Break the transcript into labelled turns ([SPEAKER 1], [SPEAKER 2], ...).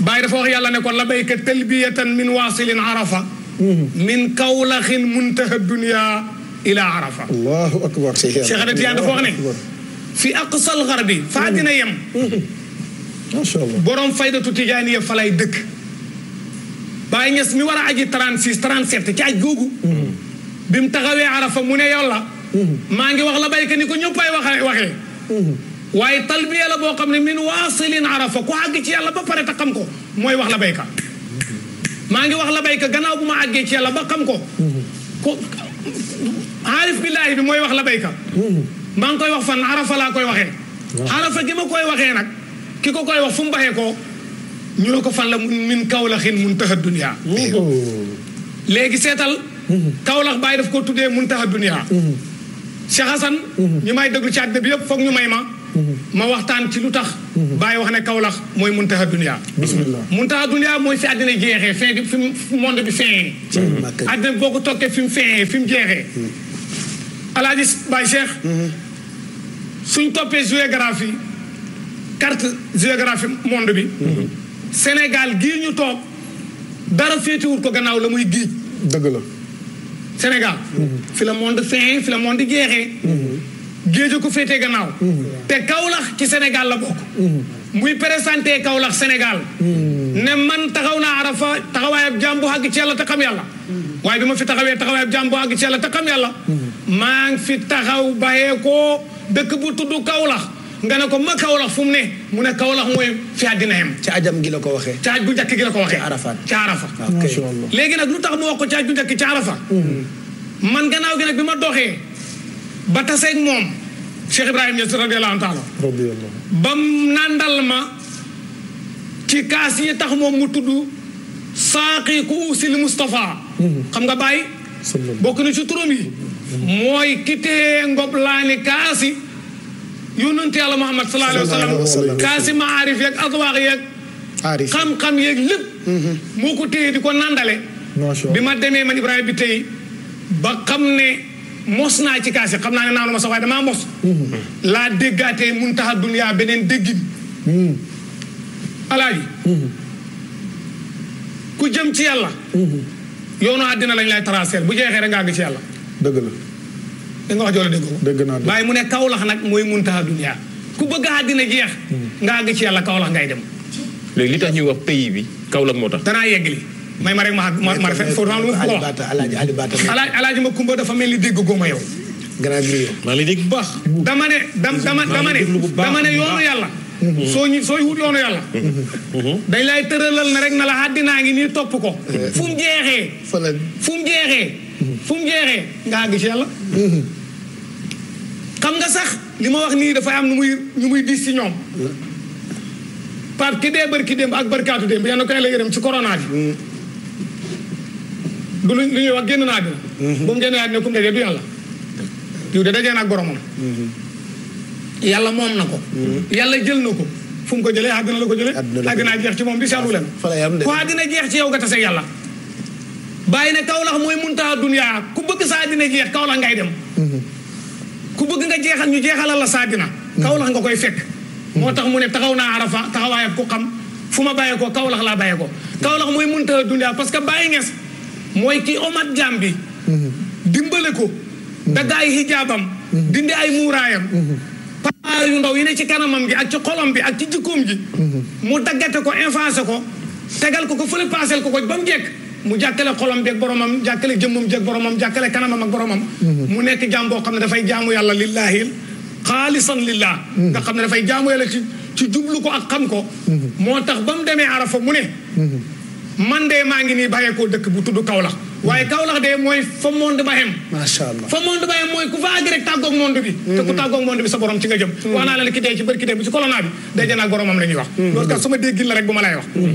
[SPEAKER 1] باي دافو يلا يالا نيكون لا تلبيه من واصل عرفه من كولخ منتهى الدنيا الى عرفه الله اكبر شيخ ادي ياند فوخ ني في اقصى الغرب فادنا يم ما شاء الله بروم فايده تجاني فلاي دك باي نيس مي ورا اجي 36 37 تي اجي غوغو عرفه مو ني يالا ماغي واخ لا بايك نيكو نيو باي واخ واخ waaye talbiya la boo xam ne min waasilin arafa ku àgg ci yàlla ba pare te xam ko mooy wax la bayka maa ngi wax la bayka gannaaw bu ma àggee ci yàlla ba xam ko ku billaahi bi mooy wax la bayka maa ngi koy wax fan arafa laa koy waxee arafa gi ma koy waxee nag ki ko koy wax fu mu baxee ko ñu ne ko fan la min kawlaxin muntaha dunya léegi seetal kawlax bàyyi daf ko tuddee muntaha dunya Cheikh Hassan ñu may déglu ci àddina bi yëpp foog ñu may ma ma waxtaan ci lu tax bàyyi wax ne kawlax mooy muntaha dunya bismillah muntaha dunya mooy fi àddina jeexee fee fi mu monde bi feeñee àddina boo ko tokkee fi mu feeñee fi mu jeexee alaaji Baye Cheikh suñ toppee géographie carte géographie monde bi Sénégal gii ñu toog dara féetiwul ko gannaaw la muy giij dëgg la Sénégal mm-hmm. fi la monde feeñee fi monde jeexee géeja ko féete gannaaw mm-hmm. te Kaolack ci Sénégal la bokk mm-hmm. muy présenté Kaolack Sénégal mm-hmm. ne man taxaw naa Arafa taxawaay ab jaam ci yàlla te xam yàlla waaye bi fi taxawee taxawaay ab jaam bu àgg ci yàlla yàlla maa fi taxaw bayee koo dëkk bu tudd Kaolack nga ne ko ma Kaolack fu mu ne mu ne Kaolack mooy fi àddina yem ci ajam gi la ko waxee ci aj bu njëkk gi la ko waxee Arafa ci ah, Arafa léegi nag lu tax mu wax ko ci aj bu njëkk ci Arafa man gannaaw gi nag bi ma doxee ba moom Cheikh Ibrahim Niass radiyallahu taala bam nàndal ma ci kaas yi tax moom mu tudd saaqi ku usil Moustapha mhm. xam nga bàyyi bokk na ci turam yi mhm. mooy kitee ngob laani kaasi yonentu yàlla Muhammad sallallahu alayhi wa sallam kaasi maarif yeeg adwaax yeeg xam-xam mhm. moo ko téye ko nàndale bi ma demee man Ibrahima bi tey ba xam ne mos naa ci kasse xam naa ne ma sa way dama mos mm-hmm. la déggaatee muntaha dunya dunia beneen déggin mm-hmm. alaaji mm-hmm. ku jëm ci yalla yoonu adina lañ lay tracé bu jexé rek nga ngi ci yalla deug la nga wax jolo deggu deug na baye mu ne kawlax nak moy muntaha dunya ku bëgg adina jeex nga ngi ci yalla kawlax ngay dem li tax ñu wax pays bi kawlax motax dana yegg li may ma rek ma ma rafet foofu lu ma ko wax alaaj ma kumba dafa mel ni dégg góoma yow grand dama ne dama ne dama ne yoonu yàlla mhm. soo ñu sooy wut yoonu yàlla mhm. Mhm. dañ lay tëralal na rek na la àddinaa ngi nii topp ko eh. fu mu jeexee fu mu nga àgg ci yàlla xam nga sax li ma wax nii dafay am nu muy ñu muy diis ci ñoom parce ki dee barki démb ak barkaatu démb yal na ko yàlla yërëm ci corona du lu ñuy wax génn na àddina mm-hmm. bu mu génnee àddina ku mu dajee yàlla diw de mm-hmm. na ko mm-hmm. yàlla jël na ko fu mu ko jëlee àddina la ko jëlee àddina jeex ci moom di seetlu leen ku àddina jeex ci yow nga tase yàlla bàyyi ne kawlax mooy muntaa duniyaa ku bëgg sa àddina jeex kawlax ngay dem ku bëgg nga jeexal ñu jeexalal la sa àddina kawlax nga koy fekk moo tax mu ne taxaw naa arafa taxawaayab ku xam fu ma bàyyee ko kawlax laa bàyyee ko kawlax mooy muntaa duniyaa parce que bàyyi nges mooy ki omat jaam bi mm-hmm. dimbale ko mm-hmm. daggaay hijaabam mm-hmm. dindi ay muuraayam paa yu ndaw yi ne ci kanamam gi ak ci xolom bi ak ci jikkoom gi mu daggate ko influencé ko tegal ko ko fële paasel ko ko ba mu jekk mu jàkkale xolom bi ak boromam jàkkale jëmmam ji ak boromam jàkkale kanamam ak boromam mu nekk jaam boo xam ne dafay jaamu yàlla lillaahil xaalisan lillah nga xam ne dafay jaamu ci ci jublu ko ak xam ko moo tax ba mu demee arafa mu ne man de maa ngi nii bàyyee koo dëkk bu tudd Kaolack waaye Kaolack de mooy fa monde ba xem macha allah fa monde ba xem mooy ku fa àgg rek tàggoog monde bi te ku mm-hmm. tàggoog monde bi sa borom ci nga jëm mm-hmm. wax naa la ki dee ci bërki dee bi ci corona bi day janaa boromam la ñuy wax mm-hmm. loolu kat sama déggin la rek bu ma lay wax